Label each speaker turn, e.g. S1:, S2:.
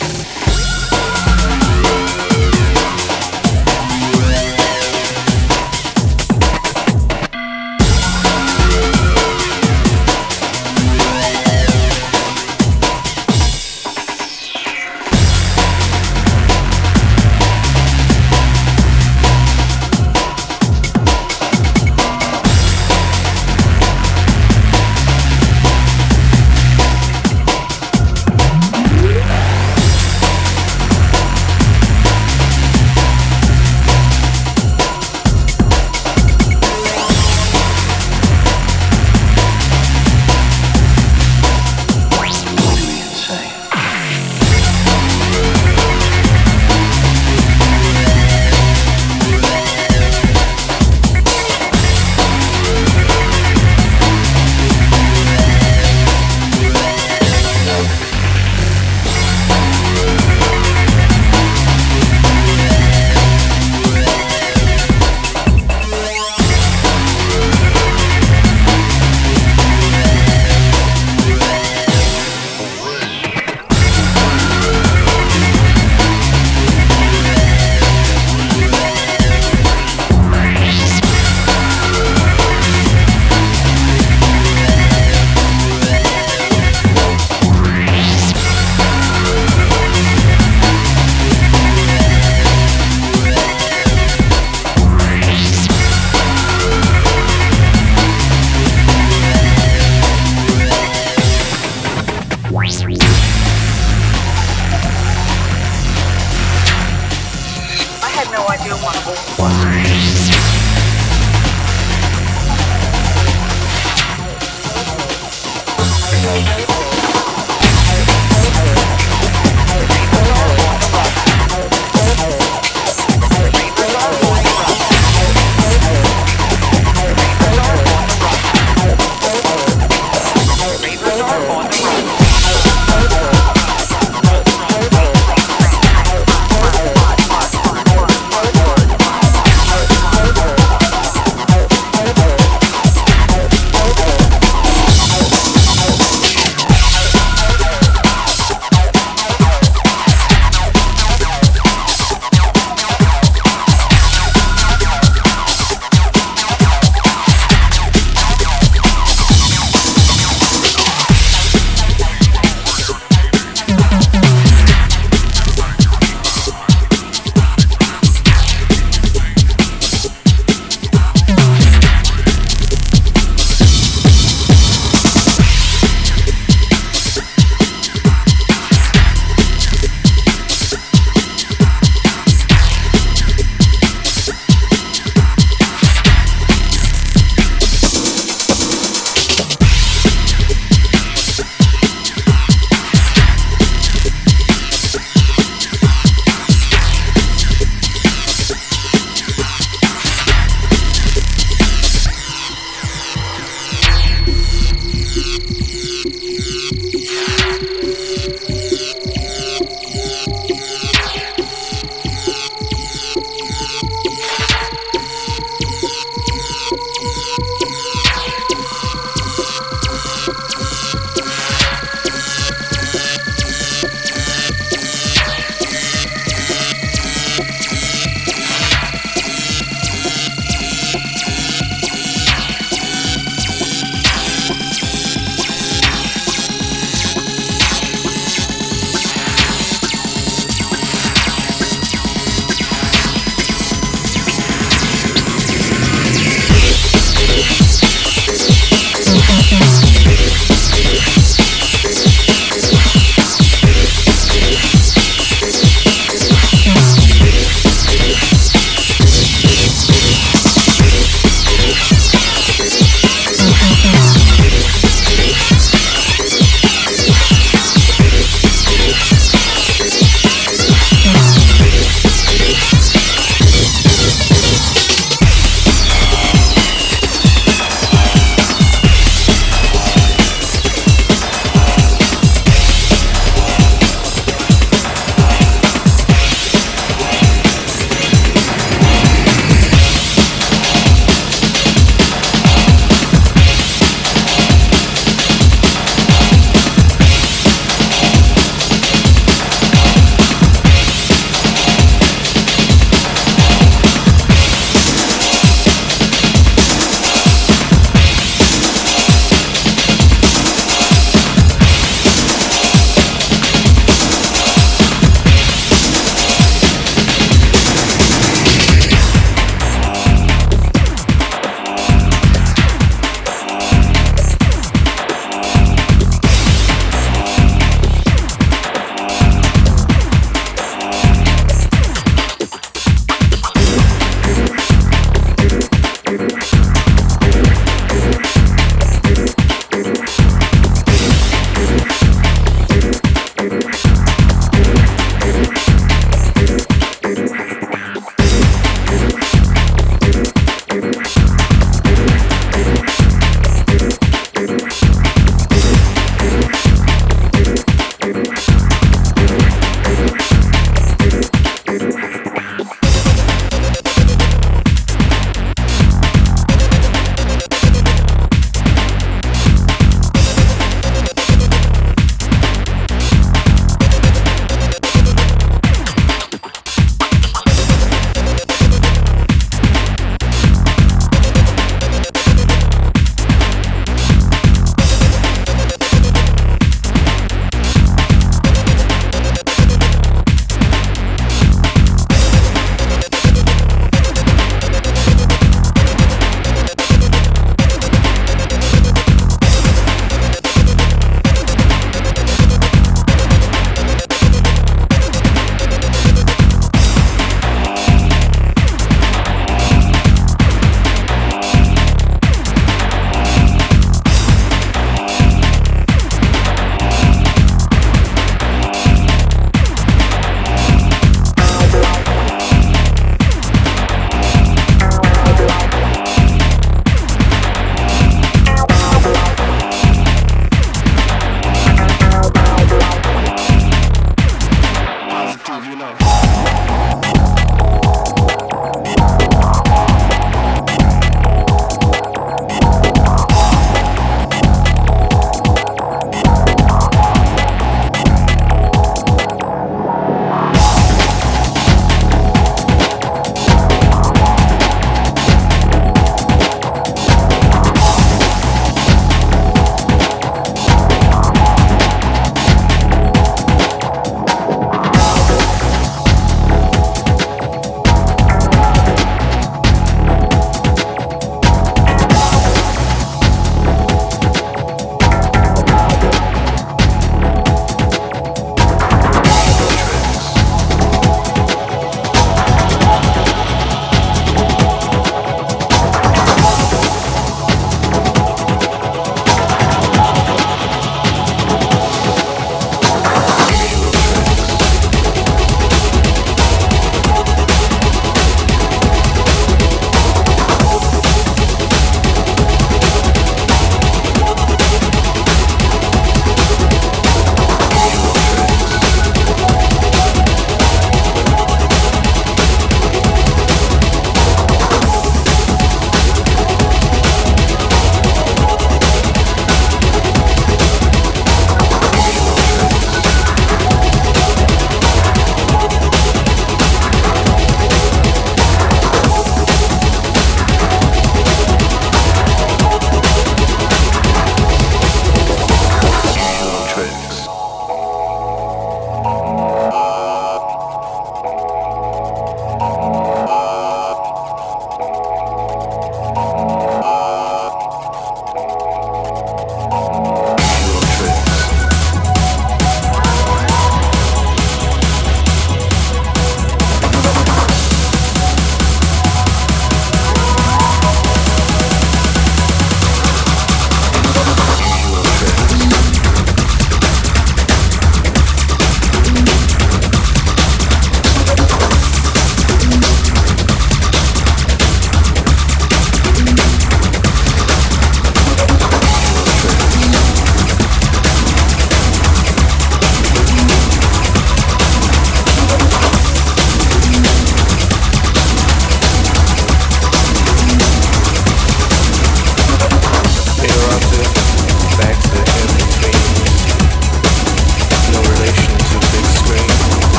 S1: Thank you. I do want to go.